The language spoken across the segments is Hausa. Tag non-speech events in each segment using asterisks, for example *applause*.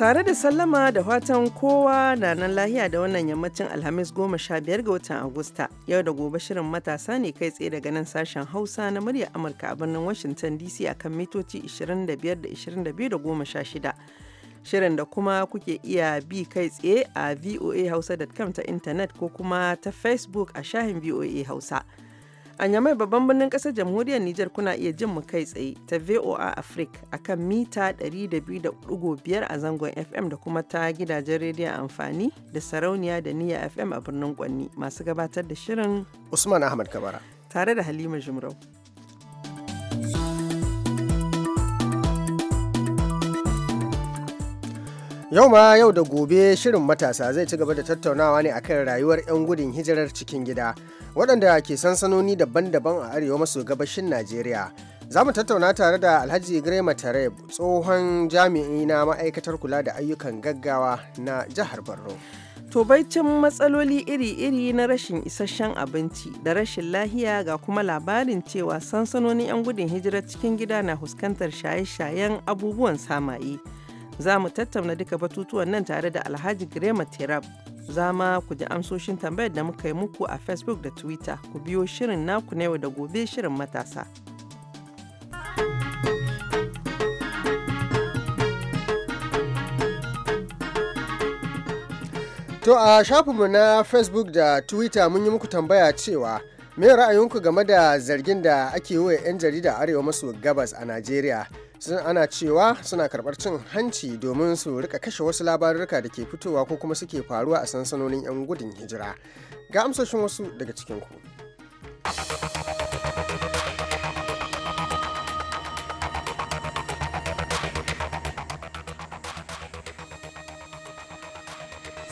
Tare da sallama da fatan kowa na nan lahiya da wannan yammacin Alhamis goma sha biyar ga watan Agusta. Yau da gobe shirin matasa ne kai tsaye daga nan sashen Hausa na murya Amurka a birnin Washington DC akan mitoci 25 da 22 sha shida. Shirin da kuma kuke iya bi kai tsaye a voa hausa.com ta intanet ko kuma ta Facebook a shahin VOA Hausa. A Nyamai babban birnin kasar jamhuriyar Nijar kuna iya jin mu kai tsaye ta VOA Africa akan mita 200.5 a zangon FM da kuma ta gidajen rediyon amfani da sarauniya da niyya FM a birnin Gwanni masu gabatar da shirin Usman Ahmad Kabara tare da Halima Jumrau. Yau ma yau da gobe shirin matasa zai ci gaba da tattaunawa ne akan rayuwar 'yan gudun hijirar cikin gida waɗanda ke sansanoni daban-daban a arewa maso gabashin Najeriya. Za mu tattauna tare da Alhaji Grema Tareb tsohon jami'i na ma'aikatar kula da ayyukan gaggawa na jihar Borno. To baicin matsaloli iri-iri na rashin isasshen abinci da rashin lahiya ga kuma labarin cewa sansanonin 'yan gudun hijirar cikin gida na fuskantar shaye-shayen abubuwan samayi Za mu tattauna duka batutuwan nan tare da Alhaji Grema Terab. Za ma ku ji amsoshin tambayar da muka yi muku a Facebook da Twitter. Ku biyo shirin naku na yau da gobe shirin matasa. To a shafinmu na Facebook da Twitter mun yi muku tambaya cewa me ra'ayinku game da zargin da ake yi wa 'yan jarida Arewa maso gabas a Najeriya. ana cewa suna karɓar cin hanci domin su rika kashe wasu labarurka da ke fitowa ko kuma suke faruwa a sansanonin 'yan gudun hijira ga amsoshin wasu daga cikin ku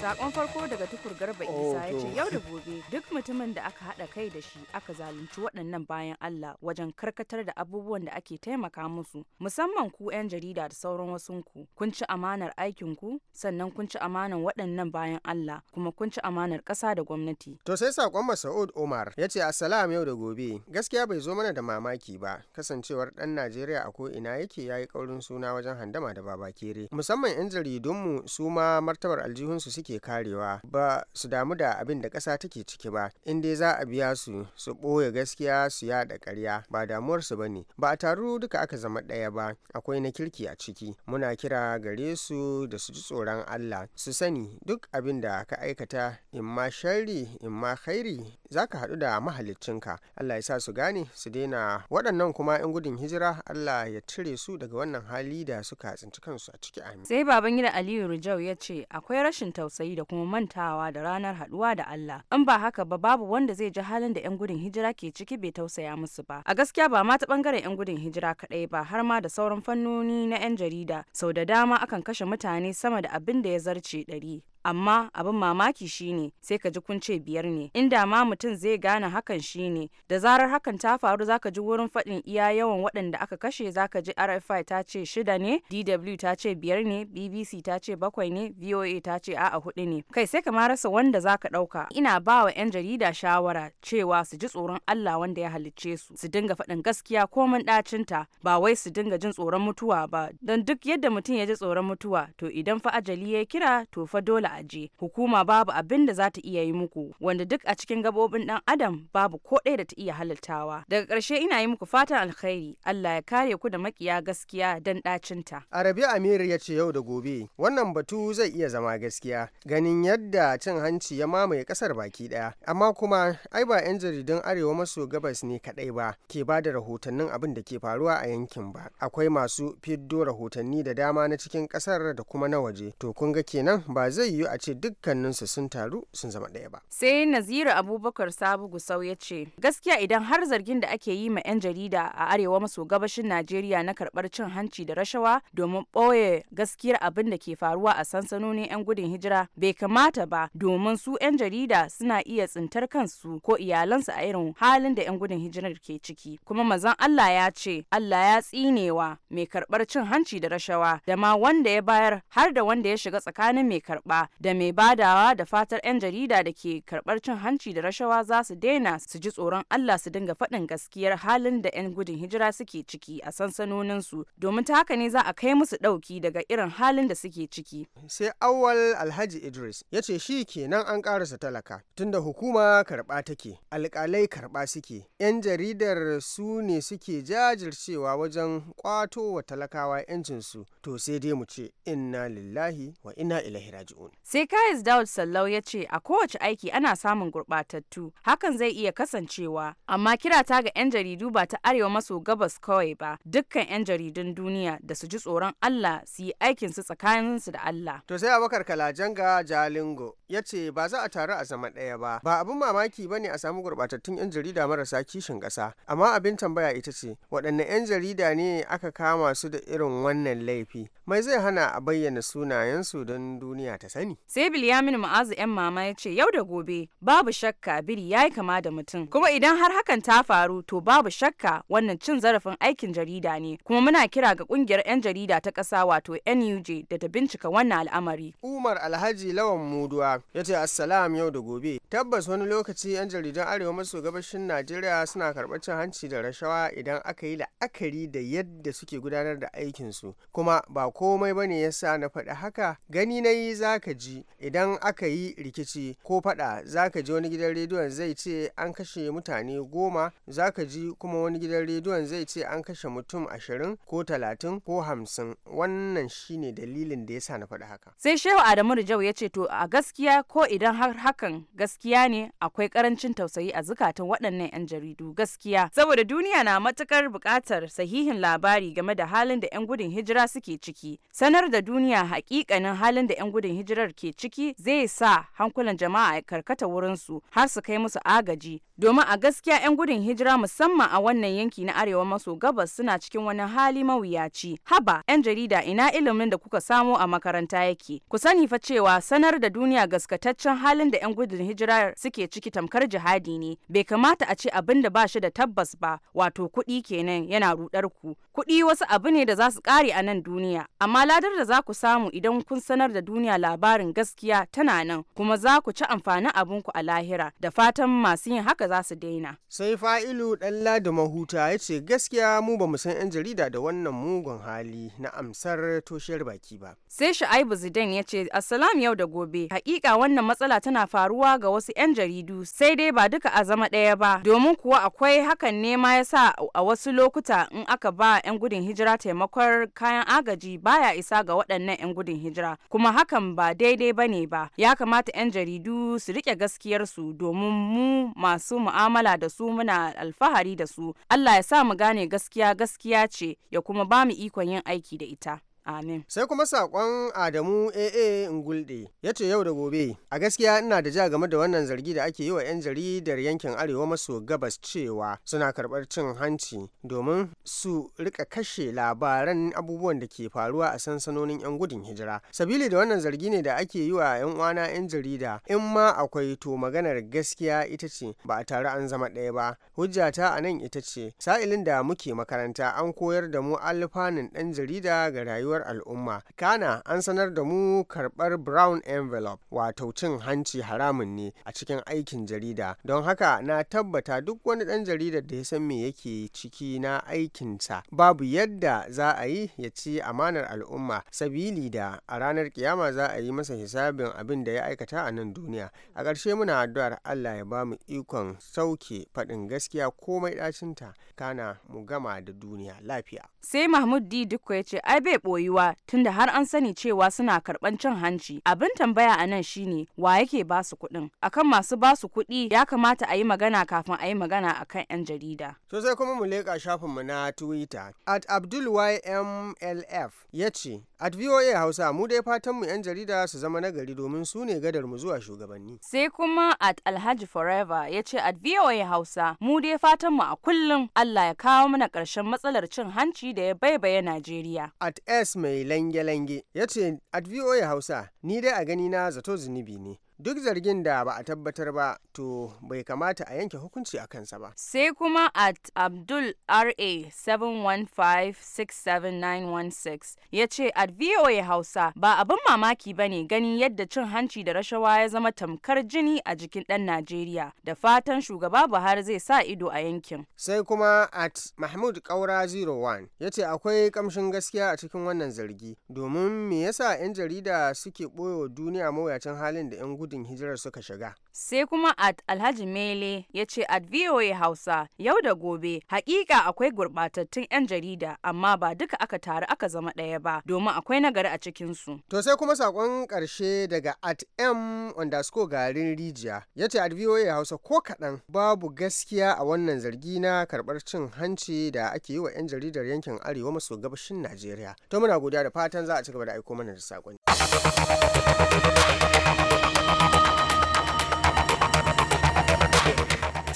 sakon farko daga tukur garba isa ya ce yau da gobe duk mutumin da aka haɗa kai da shi aka zalunci waɗannan bayan allah wajen karkatar da abubuwan da ake taimaka musu musamman ku 'yan jarida da sauran wasunku kun ci amanar aikin ku sannan kun ci amanar waɗannan bayan allah kuma kun ci amanar ƙasa da gwamnati to sai sakon masaud Umar ya ce assalam yau da gobe gaskiya bai zo mana da mamaki ba kasancewar ɗan najeriya a ko'ina yake yayi yi ƙaurin suna wajen handama da babakere musamman 'yan jaridunmu su ma martabar aljihunsu suke suke karewa ba su damu da abin da ƙasa take ciki ba in dai za a biya su su ɓoye gaskiya su yada ƙarya ba damuwarsu ba ne ba a taru duka aka zama ɗaya ba akwai na kirki a ciki muna kira gare su da su ji tsoron Allah su sani duk abin da ka aikata in ma sharri in ma khairi za ka haɗu da mahalicinka Allah ya sa su gane su daina waɗannan kuma in gudun hijira Allah ya cire su daga wannan hali da suka tsinci kansu a ciki amin sai baban gida Aliyu Rijau ya ce akwai rashin tausayi tausayi da kuma mantawa da ranar haduwa da Allah in ba haka ba babu wanda zai ji halin da 'yan gudun hijira ke ciki bai tausaya musu ba a gaskiya ba ma ta bangaren 'yan gudun hijira kaɗai ba har ma da sauran fannoni na 'yan jarida sau da dama akan kashe mutane sama da abin da ya zarce ɗari amma abin mamaki shine sai ka ji kun ce biyar ne inda ma mutum zai gane hakan shine da zarar hakan ta faru zaka ji wurin faɗin iya yawan waɗanda aka kashe zaka ji RFI ta ce shida ne DW ta ce biyar ne BBC ta ce bakwai ne VOA ta ce a'a hudu ne kai sai ka ma rasa wanda zaka ɗauka ina ba wa 'yan jarida shawara cewa su ji tsoron Allah wanda ya halicce su su dinga faɗin gaskiya ko mun ɗacinta ba wai su dinga jin tsoron mutuwa ba don duk yadda mutum ya ji tsoron mutuwa to idan fa ajali ya kira to fa dole dole a je hukuma babu abin da za ta iya yi muku wanda duk a cikin gabobin dan adam babu ko ɗaya da ta iya halittawa daga ƙarshe ina yi muku fatan alkhairi Allah ya kare ku da makiya gaskiya dan ɗacinta. Arabi Amir ya ce yau da gobe wannan batu zai iya zama gaskiya ganin yadda cin hanci ya mamaye ƙasar baki ɗaya amma kuma ai ba 'yan jaridun arewa maso gabas ne kaɗai ba ke ba da rahotannin abin da ke faruwa a yankin ba akwai masu fiddo rahotanni da dama na cikin ƙasar da kuma na waje to kun ga kenan ba zai yi. yiwu a ce dukkaninsu sun taru sun zama ɗaya ba. Sai Naziru Abubakar Sabu Gusau ya ce, gaskiya idan har zargin da ake yi ma 'yan jarida a arewa maso gabashin Najeriya na karɓar cin hanci da rashawa domin ɓoye gaskiyar abin da ke faruwa a sansanonin 'yan gudun hijira bai kamata ba domin su 'yan jarida suna iya tsintar kansu ko iyalansu a irin halin da 'yan gudun hijirar ke ciki. Kuma mazan Allah ya ce, Allah ya tsinewa mai karɓar cin hanci da rashawa da ma wanda ya bayar har da wanda ya shiga tsakanin mai karɓa da mai badawa da fatar 'yan jarida da ke karbar cin hanci da rashawa za su daina su ji tsoron Allah su dinga faɗin gaskiyar halin da 'yan gudun hijira suke ciki a sansanonin su domin ta haka ne za a kai musu ɗauki daga irin halin da suke ciki. Sai awwal Alhaji Idris ya ce shi kenan an karasa talaka tunda hukuma karba take alƙalai karba suke 'yan jaridar su ne suke jajircewa wajen kwato wa talakawa 'yancinsu to sai dai mu ce inna lillahi wa inna ilaihi raji'un. Sai Kayis Daud Sallau ya ce a kowace aiki ana samun gurbatattu hakan zai iya kasancewa, amma kira ta ga 'yan jaridu ba ta arewa maso gabas kawai ba, dukkan 'yan jaridun duniya da su ji tsoron Allah su yi aikin su tsakaninsu da Allah. To sai Abubakar Kalajanga Jalingo ya ce ba za a taru a zama ɗaya ba, ba abin mamaki ba ne a samu gurbatattun 'yan jarida marasa kishin ƙasa, amma abin tambaya ita ce waɗanne 'yan jarida ne aka kama su da irin wannan laifi, mai zai hana a bayyana sunayensu don duniya ta sani. Sai bilyaminu Ma'azu 'yan mama ya ce yau da gobe babu shakka biri ya yi kama da mutum. Kuma idan har hakan ta faru to babu shakka wannan cin zarafin aikin jarida ne. Kuma muna kira ga kungiyar 'yan jarida ta kasa wato NUJ da ta bincika wannan al'amari. Umar Alhaji Lawan Muduwa ya ce Assalam yau da gobe. Tabbas wani lokaci 'yan jaridan Arewa maso gabashin Najeriya suna karɓar cin hanci da rashawa idan aka yi la'akari da yadda suke gudanar da aikinsu. Kuma ba komai bane yasa na faɗi haka gani na yi za ka ji idan aka yi rikici ko fada za ka ji wani gidan rediyon zai ce an kashe mutane goma za ka ji kuma wani gidan rediyon zai ce an kashe mutum ashirin ko talatin ko hamsin wannan shine dalilin da ya sa na fada haka. sai shehu adamu rijau ya ce to a gaskiya ko idan har hakan gaskiya ne akwai karancin tausayi a zukatan waɗannan 'yan jaridu gaskiya saboda duniya na matukar buƙatar sahihin labari game da halin da 'yan gudun hijira suke ciki sanar da duniya hakikanin halin da 'yan gudun hijirar ke ciki zai sa hankulan jama'a ya karkata su har su kai musu agaji domin a gaskiya 'yan gudun hijira musamman a wannan yanki na arewa maso gabas suna cikin wani hali mawuyaci haba 'yan jarida ina ilimin da kuka samo a makaranta yake ku sani fa cewa sanar da duniya gaskataccen halin da 'yan gudun hijira suke ciki tamkar jihadi ne bai kamata a ce abin da ba shi da tabbas ba wato kuɗi kenan yana rudar ku kuɗi wasu abu ne da za su ƙare a nan duniya amma ladar da za ku samu idan kun sanar da duniya labarin labarin gaskiya tana nan kuma za ku ci amfanin abinku a lahira da fatan masu yin haka za su daina. Sai fa'ilu ɗan ladi mahuta ya ce gaskiya mu ba san 'yan jarida da wannan mugun hali na amsar toshiyar baki ba. Sai sha'ibu Zidane ya ce Assalam yau da gobe hakika wannan matsala tana faruwa ga wasu 'yan jaridu sai dai ba duka a zama ɗaya ba domin kuwa akwai hakan ne ma ya sa a wasu lokuta in aka ba 'yan gudun hijira taimakon kayan agaji baya isa ga waɗannan 'yan gudun hijira kuma hakan ba dai daidai ba ne ba ya kamata 'yan jaridu su riƙe gaskiyarsu domin mu masu mu'amala da su muna alfahari da su allah ya sa mu gane gaskiya gaskiya ce ya kuma ba mu ikon yin aiki da ita Amin. Sai kuma saƙon Adamu AA Ngulde ya ce yau da gobe a gaskiya ina da ja game da wannan zargi da ake yi wa 'yan jaridar yankin Arewa maso gabas cewa suna karɓar cin hanci domin su rika kashe labaran abubuwan da ke faruwa a sansanonin 'yan gudun hijira. Sabili da wannan zargi ne da ake yi wa 'yan uwana 'yan jarida in ma akwai to maganar gaskiya ita ce ba a tare an zama ɗaya ba. Hujjata a nan ita ce sa'ilin da muke makaranta an koyar da mu alfanun ɗan jarida ga rayuwar rayuwar al'umma kana an sanar da mu karbar brown envelope wato cin hanci haramun ne a cikin aikin jarida don haka na tabbata duk wani ɗan jaridar da ya san me yake ciki na aikinsa babu yadda za a yi ya ci amanar al'umma sabili da a ranar kiyama za a yi masa hisabin abin da ya aikata a nan duniya a ƙarshe muna addu'ar allah ya ba mu ikon sauke faɗin gaskiya komai ɗacinta kana mu gama da duniya lafiya sai mahmud di duk ya ce ai bai boyi yiwuwa tunda har an sani cewa suna karban cin hanci abin tambaya a nan shine wa yake ba su kuɗin akan masu ba su kuɗi ya kamata a yi magana kafin a yi magana akan 'yan jarida sosai kuma mu leƙa mu na twitter at abdul ymlf ya ce at voa hausa mu dai fatanmu 'yan jarida su zama nagari domin su ne gadar mu zuwa shugabanni sai kuma at alhaji forever ya ce at voa hausa mu dai fatan mu a kullum allah ya kawo mana ƙarshen matsalar cin hanci da ya baibaye najeriya at s S mai lange-lange ya ce, at VOA Hausa, ni dai a gani na zato zunubi ne. duk zargin da ba a tabbatar ba to bai kamata a yanke hukunci a kansa ba. Sai kuma at Abdul RA 71567916 ya ce at VOA Hausa ba abin mamaki ba ne ganin yadda cin hanci da rashawa ya zama tamkar jini a jikin ɗan Najeriya da fatan shugaba Buhari zai sa ido a yankin. Sai kuma at Mahmud Kaura 01 ya ce akwai kamshin gaskiya a cikin wannan zargi domin me yasa 'yan jarida suke ɓoye duniya mawuyacin halin da 'yan gudun hijirar suka shiga. Sai kuma at Alhaji Mele ya ce at VOA Hausa yau da gobe hakika akwai gurbatattun 'yan jarida amma ba duka aka taru aka zama ɗaya ba domin akwai nagari a cikinsu. To sai kuma sakon karshe daga at M underscore garin rijiya ya ce at VOA Hausa ko kaɗan babu gaskiya a wannan zargi na karɓar cin hanci da ake yi wa 'yan jaridar yankin Arewa maso gabashin Najeriya. To muna godiya da fatan za a ci gaba da aiko mana da sakonni.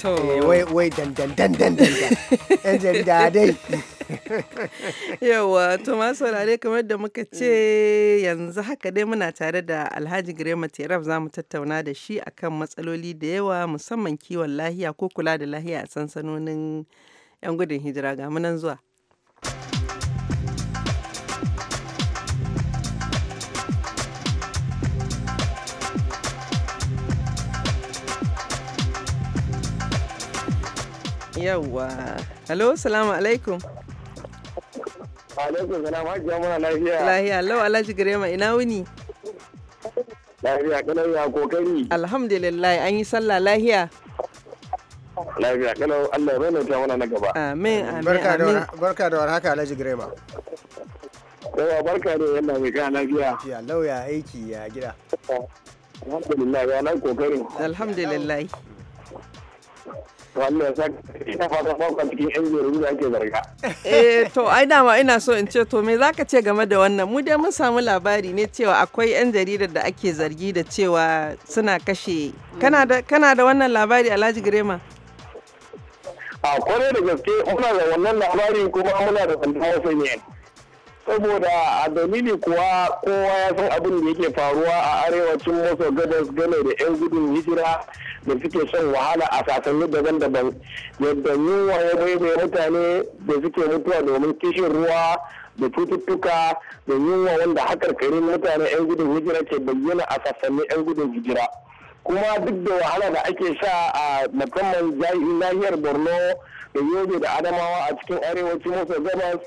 Eh, wai wai dandan *laughs* kamar da muka ce yanzu haka dai muna tare da alhaji girema teraf za mu tattauna da shi akan matsaloli da yawa musamman kiwon lahiya ko kula da lahiya a sansanonin yan gudun hijira ga munan zuwa Yawwa. Hello, salamu alaikum. Alaikum salam ya muna lafiya. Lafiya, lau Alhaji garema ina wuni? Lafiya kalau ya kokari. Alhamdulillah an yi sallah lafiya. Lafiya kalau Allah bai bayyana mana na gaba. Amin amin. Barka da warhaka Alhaji Girema. Yawa barka da yalla mai kana lafiya. Ya lau ya aiki ya gida. Alhamdulillah ya nan kokarin. Alhamdulillah. Wannan ina fata fauka cikin yan jeru da ake zarga. Eh to ai dama ina so in ce to me zaka ce game da wannan mu dai mun samu labari ne cewa akwai yan jaridar da ake zargi da cewa suna kashe kana da kana da wannan labari Alhaji Girema. A kwarai da gaske muna da wannan labarin kuma muna da sanda wasu ne. saboda a dalili kuwa kowa ya san abin da yake faruwa a arewacin maso gabas game da 'yan gudun hijira da suke shan wahala a sasanni daban-daban yadda yunwa ya baibaye mutane da suke mutuwa domin kishin ruwa da cututtuka da yunwa wanda karin mutane 'yan gudun hijira ke bayyana a sasannin 'yan gudun hijira kuma duk da wahala da ake sha a musamman nahiyar borno da yobe da adamawa a cikin arewacin maso gabas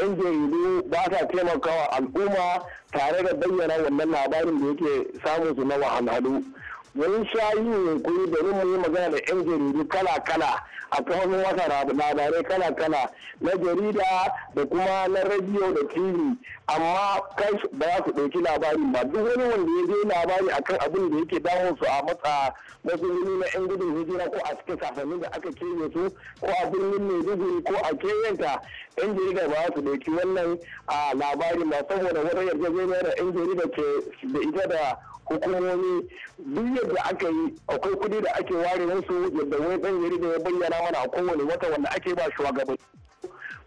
'yan jaridu ba sa taimakawa al'umma tare da bayyana wannan labarin da yake samun su na wahalhalu mun sha yi kuri domin mu yi magana da 'yan jaridu kala-kala a tsohon wata labarai kala-kala na jarida da kuma na radio da tv amma kai ba za su ɗauki labari ba duk wani wanda ya je labari akan abin da yake damun su a matsa matsaloli na 'yan gudun hijira ko a cikin safanin da aka kewaye su ko a birnin maiduguri ko a kewanta 'yan jarida ba su ɗauki wannan ah, labari ba saboda wata yarjejeniya da 'yan jarida ke da ita da hukumomi duk yadda aka yi akwai kuɗi da ake ware musu yadda wani ɗan da ya bayyana mana a kowane wata wanda ake ba shugabanni.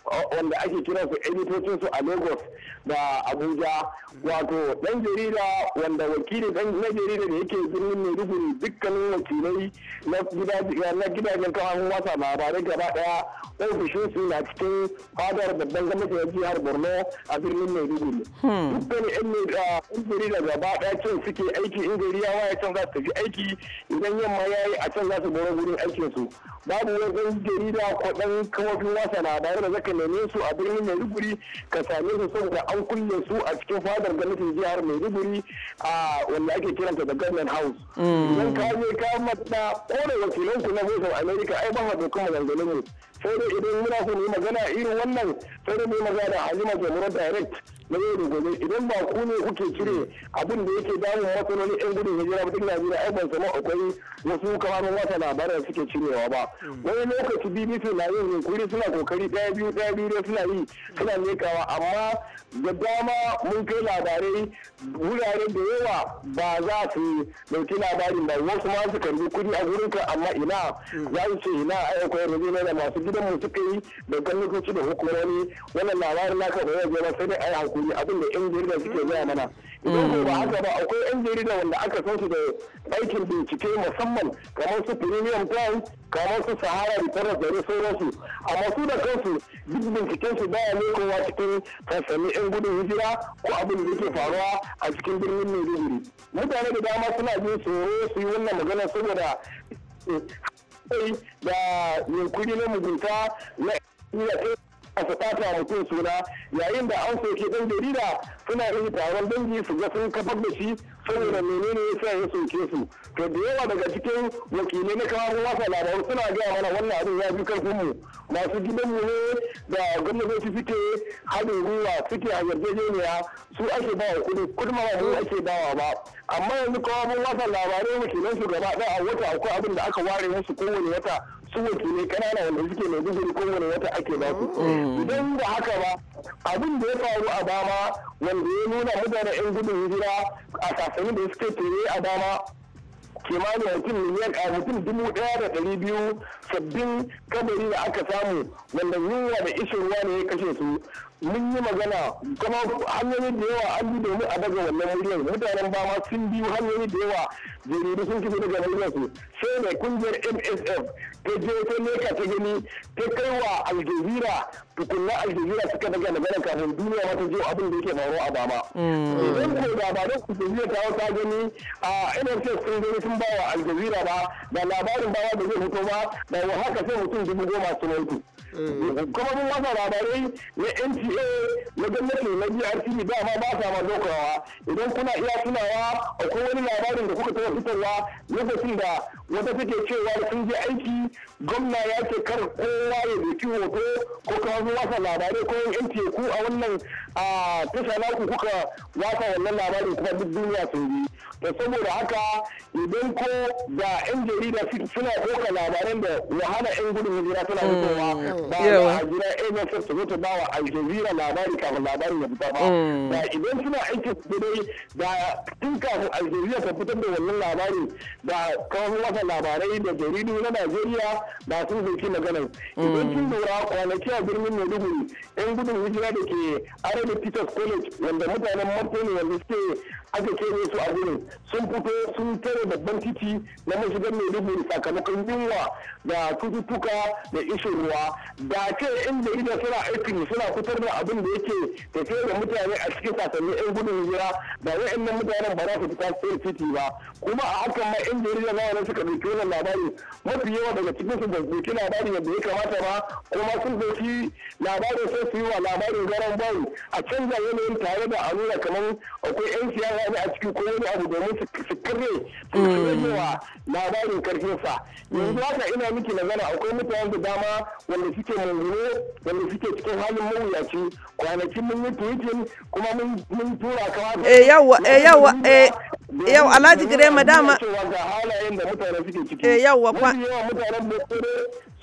wanda ake kira su editocin su a lagos da abuja wato dan jarida wanda wakili dan na jarida da yake birnin maiduguri dukkanin wakilai na gidajen kafafen wasa labarai gaba daya ofishin su na cikin fadar babban gwamnatin jihar borno a birnin maiduguri hmm. dukkan ah, yan jarida gaba daya can suke aiki in gari ya waya can za su tafi aiki idan yamma ya yi a can za su boro wurin aikinsu babu wani jarida ko dan kawo wasa labarai da zaka ka neme su a birnin maiduguri ka same su saboda an kulle su a cikin fadar gwamnatin jihar maiduguri a wanda ake kiranta da government house mm. idan ka je ka mata kore wakilan ku na voice of america ai ba ha dokan maganganun mu sai dai idan muna ku mu magana irin wannan sai dai mu magana halima jamura direct na yau da gobe idan ba ku ne kuke cire abin da yake damun matsaloli yan gudun hijira mutum najeriya ai ban sama akwai wasu kamarin wata labarai suke cirewa ba wani lokaci bbc na yin yunkuri suna kokari daya biyu daya biyu dai suna yi suna nekawa amma da dama mun kai labarai wurare da yawa ba za su dauki labarin ba wasu ma su karbi kudi a gurinka amma ina za su ce ina ai akwai rubina da masu gidan mu suka yi da gwamnatoci da hukumomi wannan labarin naka da yau sai dai ayi hakuri abin da yan jarida suke gaya mana idan mm. ko ba haka ba akwai yan jarida wanda aka san su da aikin bincike musamman kamar su premium town kamar su sahara da reporters da sauransu amma su da kansu duk binciken su baya ne kowa cikin sansanin yan gudun hijira ko abin da yake faruwa a cikin birnin maiduguri mutane da dama suna jin tsoro su yi wannan magana saboda kai da yunkuri na mugunta na iya a fata mutum suna yayin da an soke dan jarida suna yin taron dangi su ga sun kafar da shi saboda menene ya sa ya soke su to da yawa daga cikin wakilai na kawo wasa labaru suna gaya mana wannan abin ya bi karfin mu masu gidan mu ne da gwamnati suke haɗin gwiwa suke a yarjejeniya su ake ba wa kuɗi kuɗi ma ba ake dawa ba amma yanzu kawo wasa labarai wakilan su gaba ɗaya a wata akwai abin da aka ware musu kowane wata su wakilai kanana wanda suke mai gudun kowane wata ake ba su mm. idan ba haka ba abin da ya faru a dama wanda ya nuna mutane yan gudun hijira a sasanin da suke tere a dama kimanin mutum miliyan a mutum dubu daya da dari biyu sabbin kabari da aka samu wanda yunwa da ruwa ne ya kashe su mun yi magana kuma hanyoyi da yawa an bi domin a daga wannan muryar mutanen ba ma sun biyu hanyoyi da yawa jaridu sun kisa daga muryar su sai ne kungiyar msf ta je ta leka ta gani ta kai wa aljazeera tukunna aljazeera suka daga magana kafin duniya ma ta je abin da yake faruwa a bama. Mm. idan ko da ba don aljazeera ta wata gani a msf sun gani sun ba wa aljazeera ba da labarin bawa da zai fito ba da haka sai mutum dubu goma su mutu kuma mun wasa labarai na NTA na gwamnati na GRTV ba ma ba sa ma dokawa idan kuna iya tunawa akwai wani labarin da kuka taɓa fitarwa lokacin da wata take cewa sun je aiki gwamna ya ce kar kowa ya doki hoto ko kuma wasa labarai ko NTA ku a wannan a tasha naku kuka wasa wannan labarin kuma duk duniya sun yi to saboda haka idan ko da 'yan jarida suna ɗauka labaran da wahala 'yan gudun hijira suna fitowa mm. ba a gida MSF eh, ta zo ta bawa Al labari kafin labarin ya fita ba mm. da idan suna aiki su dai da tun kafin a Jazeera ta fitar da wannan labari da kawo wata labarai da jaridu na Najeriya ba sun zaki maganar mm. idan sun lura kwanaki a birnin Maiduguri yan gudun hijira da ke Arabic Teachers College wanda mutanen Martini wanda suke aka kere su a gurin sun fito sun tare babban titi na mashigar maiduguri sakamakon yunwa da cututtuka da ishin ruwa da ke inda idan suna aikin suna fitar da abin da yake ke da mutane a cikin sasannin yan gudun hijira da wa'annan mutanen ba za su fita cikin titi ba kuma a hakan ma in jarida na wani suka ɗauki wannan labari mafi yawa daga cikin su ba ɗauki labarin yadda ya kamata ba kuma sun ɗauki labarin sai su yi wa labarin garan bayi a canza yanayin tare da a nuna kamar akwai 'yan siyasa wani a cikin ko wani abu domin su kare su karrewa mm. labarin karfin sa yanzu mm. haka ina miki nazara akwai mutane da dama wanda suke mangune wanda suke cikin halin mawuyaci kwanakin mun yi tuwitin kuma mun tura kama eh yawa eh yawa eh yau alhaji gire madama ga halayen da mutane suke ciki eh yawa kwa mutanen da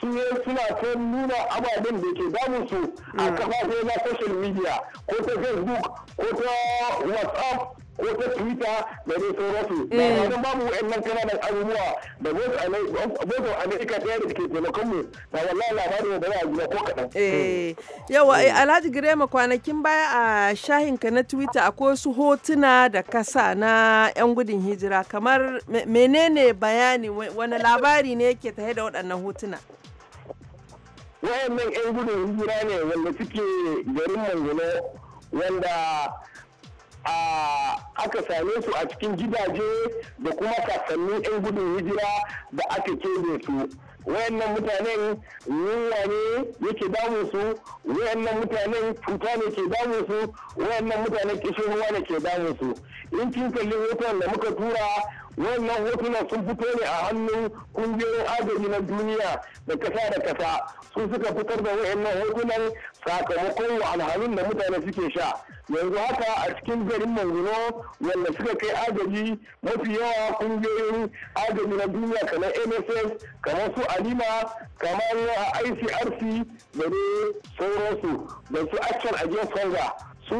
su suna ta nuna ababen da ke damun su a mm. kafafen na social media ko ta facebook ko ta whatsapp ko ta twitter da dai sauransu na eh. don babu wa'annan kananan abubuwa da bozo america ta yadda ke taimakon mu ba wallahi labarin da za a gina ko kaɗan. Eh. yawa eh, alhaji girema kwanakin baya a shahinka na twitter akwai wasu hotuna da kasa na yan gudun hijira kamar menene bayani wani labari ne yake tahe da waɗannan hotuna. wayannan yan gudun hijira ne wanda suke garin mangano wanda aka same su a cikin gidaje da kuma kasannin 'yan gudun hijira da aka da su wayannan mutanen yunwa ne yake damun su wayannan mutanen cuta ne ke damun su wayannan mutanen kishin ruwa ne ke damun su in kin kalli hoton da muka tura wannan hotunan sun fito ne a hannun kungiyoyin agaji na duniya da kasa da kasa su suka fitar da wayannan hotunan sakamakon alhalin da mutane suke sha yanzu haka a cikin garin manguno wanda suka kai agaji mafi yawa kungiyoyin agaji na duniya kamar nss kamar su alima kamar icrc da dai sauransu da su action against hunger su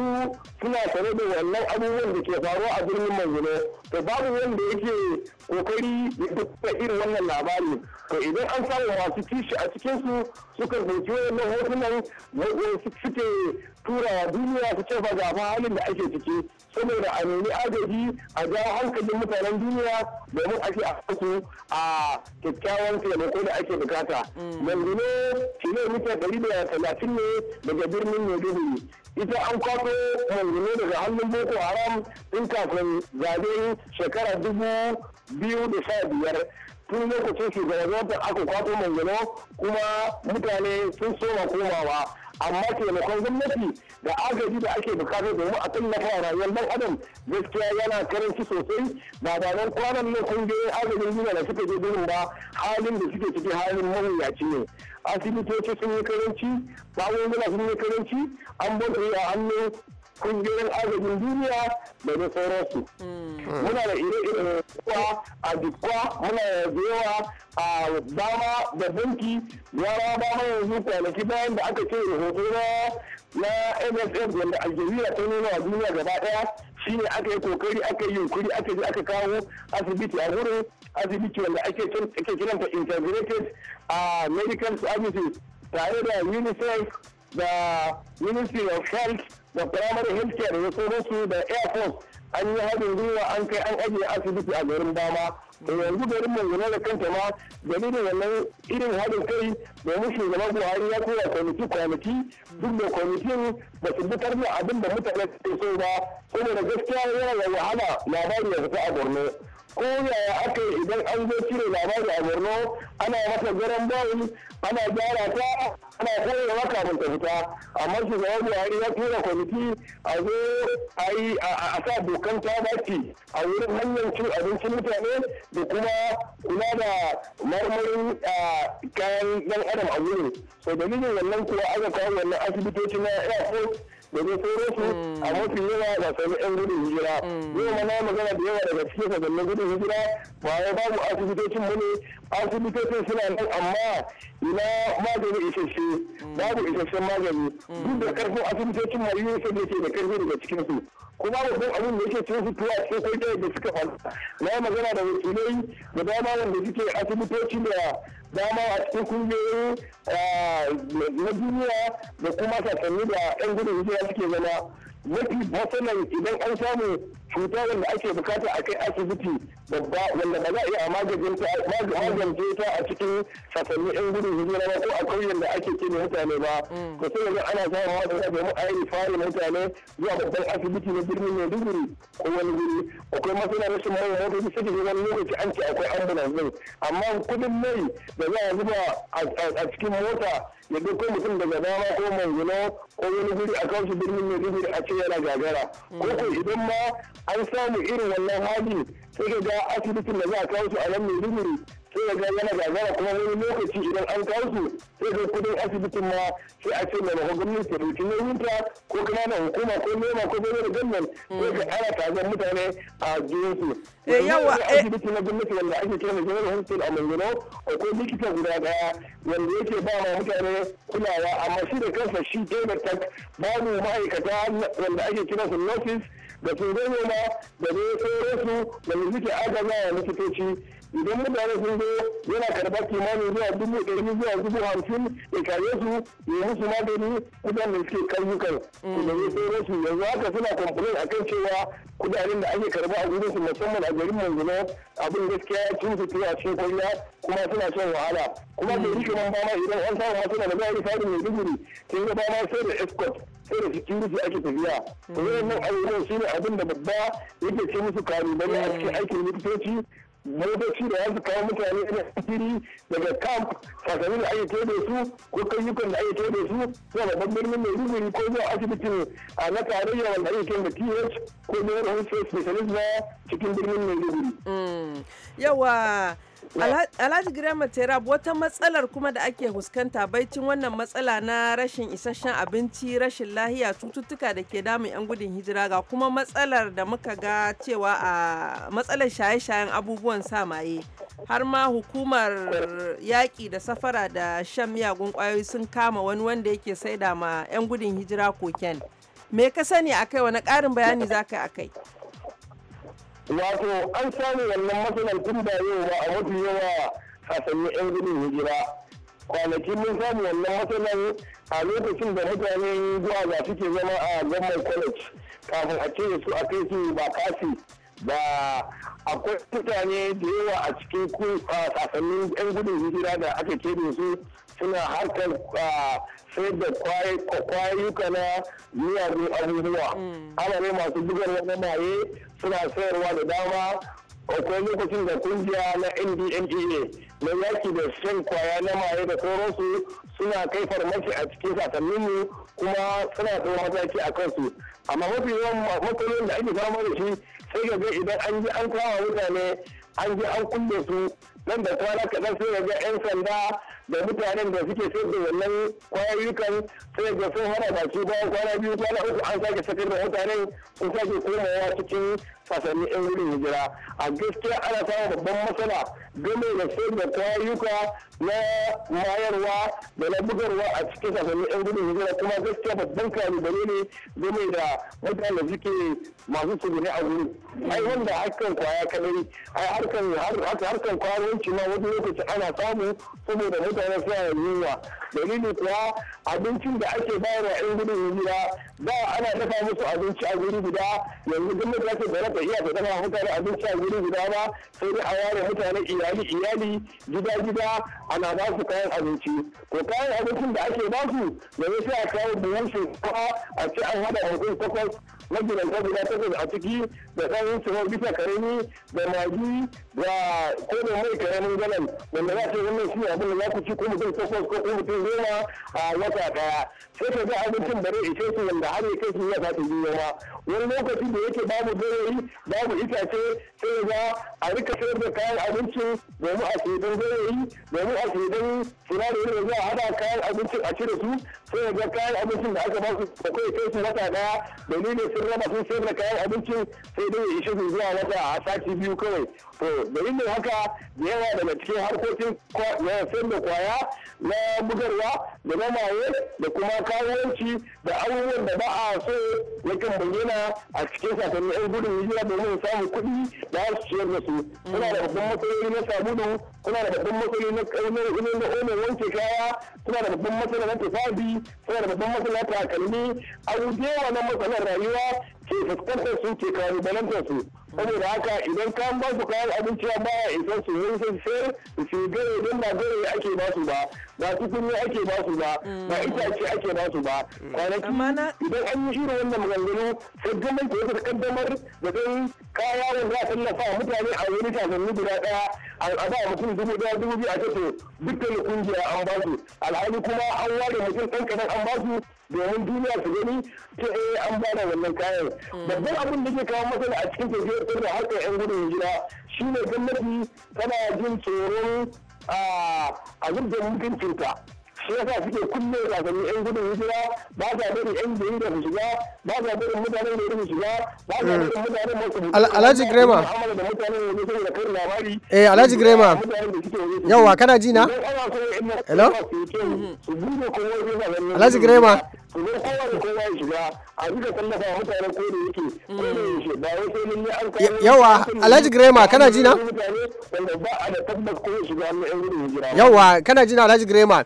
suna tare da wannan abubuwan da ke faruwa a birnin manzano to babu wanda yake kokari da irin wannan labari to idan an samu masu kishi a cikin su suka zoki wannan hotunan suke turawa duniya ta ce ba ga halin da ake ciki saboda a nemi agaji a jawo hankalin mutanen duniya domin ake a kansu a kyakkyawan taimako da ake bukata. Mm. Yanzu ne kilomita ɗari da talatin ne daga birnin Maiduguri. Ita an kwato yanzu daga hannun Boko Haram ɗin kafin zabe shekara dubu biyu da sha biyar. tun lokacin shugaban aka kwato mangano kuma mutane sun soma komawa amma taimakon gwamnati da agaji da ake bukatar domin a tallafa rayuwar dan adam gaskiya yana karanci sosai ba da nan kwanan nan kun agajin gina da suka je gurin ba halin da suke ciki halin mawuyaci ne asibitoci sun yi karanci gina sun yi karanci an bauta a hannu kungiyoyin agajin duniya da na sauransu. Hmm. Muna da ire-iren kuwa a jikwa muna da yawa a dama da banki ba mai yanzu kwanaki bayan da aka ce rahoto na MSF wanda Algeria ta nuna a duniya gaba ɗaya. shi ne aka yi kokari aka yi yunkuri aka je aka kawo asibiti a wurin asibiti wanda ake kiranta integrated medical services tare da UNICEF da Ministry of Health da firamare healthcare ya tsoro su da Force' an yi haɗin gwiwa an kai an ajiye asibiti a garin dama da yanzu garin mai da kanta ma dalilin wannan irin haɗin kai domin shugaban buhari ya koya kwamiti kwanaki duk da kwamitin ba su fitar da abin da mutane suke so ba saboda gaskiya yana da wahala labari ya fita a borno ko yaya aka yi idan an zo cire labari a borno ana mata garan bayi ana gyara ta ana koya kafin ta fita amma wani yari ya tura kwamiti a zo a yi a sa dokan ta dace a wurin hanyar cin abincin mutane da kuma kula da marmarin kayan yan adam a wurin da dalilin wannan kuwa aka kawo wannan asibitoci na airport domin sauran su mm. a mafi yawa ba sami yan gudun hijira mm. yau ma na magana da yawa daga cikin sabbin gudun hijira ba ya babu asibitocin mu ne asibitocin suna nan amma ina magani isasshe mm. babu isasshen magani duk da karfin asibitocin mu yau sai da ke da karfi daga cikin su kuma babban abin da yake cikin su tuwa cikin kai da suka faru na magana da wakilai da dama wanda suke asibitoci da dama a cikin kungiyoyi ah, na duniya da kuma sasanni da 'yan gudun hijira suke zama mafi basunan idan an samu cuta wanda ake bukata a kai asibiti babba wanda ba za a iya magance ta a cikin sakanni yan gudun hijira ba ko a kauyen da ake kene mutane ba ko mm. sai yanzu ana samun wata da domin a yi fari mutane zuwa babban asibiti na birnin maiduguri ko wani guri akwai masana rashin mai da suke yi wani lokaci an ce akwai ambulance din amma kudin mai da za a zuba a cikin mota ya ko mutum daga dama ko manzano ko wani guri a kawo shi birnin maiduguri a ce yana gagara mm. ko ko idan ma an samu irin wannan hali sai ga asibitin da za a kawo su a nan maiduguri sai ga yana gagara kuma wani lokaci idan an kawo su sai ga kudin asibitin ma sai a ce mai mafi gwamnati ta dauki nauyinta ko kananan hukuma ko nema ko zai da gwamnan sai ga ana tazan mutane a jiyansu. Eh, yawa eh. asibiti na gwamnati wanda ake kira na general hospital a mangono akwai likita guda daya wanda yake ba ma mutane kulawa amma shi da kansa shi da tak babu ma'aikata wanda ake kira su nurses da turai noma da ne su da ne suke agaza wa likitoci idan mutane sun zo yana karɓar kimanin zuwa dubu ɗari zuwa dubu hamsin da kare su ya musu magani kudan da suke kayyukan su mm. da ne su yanzu haka suna kwamfanin a kan cewa kudaden da ake karɓa a gudun su musamman a garin manzano abin gaskiya ya cin fito a cikin kwanya kuma suna shan wahala kuma da mm. yake man ba ma idan an samu masu da za a yi farin mai digiri sai ga ba ma sai da escort sai da security ake tafiya to wannan shi shine abin da babba yake ce musu kalubale a cikin aikin likitoci motoci da za kawo mutane da fili daga camp sasani da ake tebe su ko kayyukan da ake tebe su ko babban birnin mai maiduguri ko zuwa asibitin a na tarayya wanda ake da th ko zuwa wani specialist na cikin birnin maiduguri mm. yawa Alhaji Girma Terab wata matsalar kuma da ake huskanta baicin wannan matsala na rashin isasshen abinci, rashin lahiya, cututtuka da ke damun 'yan gudun hijira ga kuma matsalar da muka ga cewa a matsalar shaye-shayen abubuwan sa maye Har ma hukumar yaƙi da safara da shan miyagun ƙwayoyi sun kama wani wanda yake saida ma 'yan gudun hijira koken. Me ka sani akai wani ƙarin bayani za ka akai? wato an samu wannan matsalar tun ba yau ba a mafi yawa sasanni yan gudun hijira kwanaki mun samu wannan matsalar a lokacin da mutanen gwaza suke zama a gwamnan college kafin a ce su a kai su ba kasi ba akwai mutane da yawa a cikin sasannin yan gudun hijira da aka kebe su suna harkar sai da kwayuka na miyagun abubuwa mm. ana ne masu bugar wani maye suna sayarwa da dama akwai lokacin da kungiya na ndnea na yaki da shan kwaya na maye da sauransu suna kai farmaki a cikin sasanninmu kuma suna kai mataki a kansu amma mafi yawan matsalolin da ake fama da shi sai ga idan an ji an kawo mutane an ji an kulle su nan da kwana kaɗan sai ga 'yan sanda da mutanen da suke sayar da wannan kwayoyukan sai ga sun hana su bayan kwana biyu kwana uku an sake sakar da mutanen sun sake komawa cikin fasani 'yan wurin hijira a gaskiya ana samun babban matsala game da sayar da kwayoyuka na mayarwa da na bugarwa a cikin fasani 'yan wurin hijira kuma gaskiya babban kalubale ne game da mutanen da suke masu tsugune a wurin ai wanda harkan kwaya kadai ai harkan harkan kwaro yanki ma wani lokaci ana samu saboda mutane suna yunwa dalili kuwa abincin da ake bayarwa yan gudun hijira da ana dafa musu abinci a guri guda yanzu duk za ta da ta iya ta dafa mutane abinci a guri guda ba sai dai a ware mutane iyali iyali gida gida ana ba su kayan abinci ko kayan abincin da ake ba su da sai a kawo buhun kuma a ce an hada hukun takwas magidanta guda takwas a ciki da ɗan tsiron bisa karami da magi da kodin mai karamin galan wanda za ta wannan shi abin da za ku ci ko mutum takwas ko ko mutum goma a wata daya sai ka ga abincin bare ishe su wanda har ya kai su ya ta biyu ma wani lokaci da yake babu gawayi babu itace sai ga a rika sayar da kayan abinci domin a sayi don gawayi domin a sayi don sinadarin da za a hada kayan abincin a cire su sai ga kayan abincin da aka ba su da kai su wata daya dalilin sun raba sun sayar da kayan abinci sai dai ya shi zuwa wata a sati biyu kawai to da yin haka da yawa daga cikin harkokin sayar da kwaya na bugarwa da mamaye da kuma kawuwanci da abubuwan da ba a so yakan bayyana a cikin sakamakon yan gudun hijira domin samun kuɗi da su ciyar da su kuna da babban matsaloli na sabulu kuna da babban matsaloli na ƙaunar da omen wanke kaya kuna da babban matsala na tufafi kuna da babban matsala na takalmi a na matsalar rayuwa ke fuskantar su ke kalubalantar su saboda haka idan kan ba su kayan abinci ba ya isa su yi sai su gare don ba gare ake ba su ba ba tukunya ake ba su ba ba mm. itace ake ba su mm. ba kwanaki idan an yi shirin wannan maganganu sai gwamnati ya ta kaddamar da dai kaya wanda za a tallafa mutane a wani tasanni guda daya a ba mutum dubu daya dubu biyu a ce dukkan kungiya an ba su alhali kuma an ware mutum ɗan kaɗan an ba su domin duniya su gani ta eh an ba da wannan kayan mm. babban abin da ke kawo matsala a cikin tafiyar da harkar yan gudun hijira shine gwamnati tana jin tsoron a gudun mutuncinta shi yasa suke kulle kakanni yan gudun hijira ba yan da shiga ba mutanen da su shiga ba mutanen hmm. alhaji grema da mutanen da da kai labari eh alhaji grema yawa kana ji na hello alhaji grema kuma kowa da kowa ya shiga a duka tallafa mutane ko da yake ko da yake ba wai sai mun yi an kawo yawa Alhaji Grema kana ji na yawa kana ji na Alhaji Grema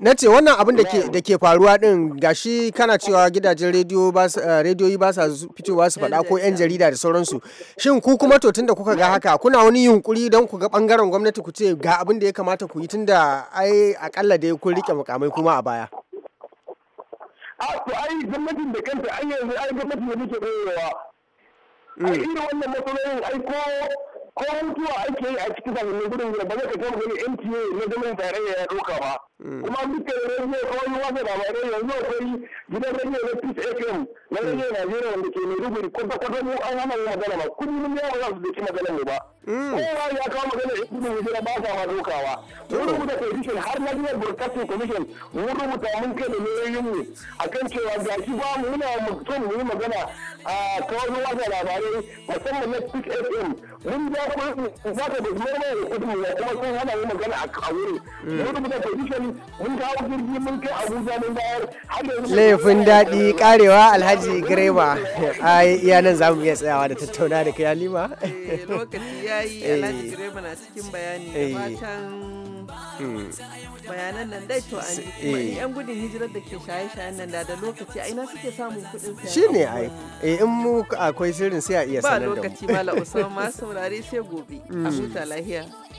na ce wannan abin da ke faruwa din gashi kana cewa gidajen rediyo eh, rediyoyi ba sa fitowa su faɗa ko yan jarida da sauransu shin ku kuma to tunda kuka ga haka kuna wani yunkuri don ku ga bangaren gwamnati ku ce ga abin da ya kamata ku yi tunda ai akalla dai kun rike mukamai kuma a baya a to ai gwamnatin da kanta ai yanzu ai gwamnatin da muke bayarwa ai mm. irin wannan matsalolin ai ko ko mutuwa ake yi a cikin zamanin gudun ba zai ka gani NTA na gwamnatin tarayya ya ɗauka ba Mm. kuma dukkan rediyo kawai wasu labarai yanzu akwai gidan rediyo na peace fm na mm. rediyo najeriya wanda ke mai rubin kwata kwata mu an hana yi magana ba kudi mun yawa za su da magana ne ba mm. kowa ya kawo magana ya kudin hijira ba sa ma dokawa mun rubuta commission har na biyar broadcasting commission mun rubuta mun kai da miliyoyin mu kan cewa ga shi ba mu muna mutum mu yi magana a kawai wasu labarai musamman na peace fm mun ja kuma za ka da zuwa mai kudin ya kuma sun hana yi magana a wuri mun rubuta commission mun kawo jirgi mun kai abuja mun bayar laifin daɗi karewa alhaji gireba iya nan za mu iya tsayawa da tattauna da kai halima eh, lokaci ya yi eh. alhaji gireba na cikin bayani da eh. fatan hmm. bayanan nan dai to an yan gudun hijirar da ke shaye-shayen nan da da lokaci a ina suke samun kuɗin sayan shi ne ai in mu akwai sirrin sai a iya sanar da mu ba lokaci ba usman ma saurare sai gobe a hmm. huta lahiya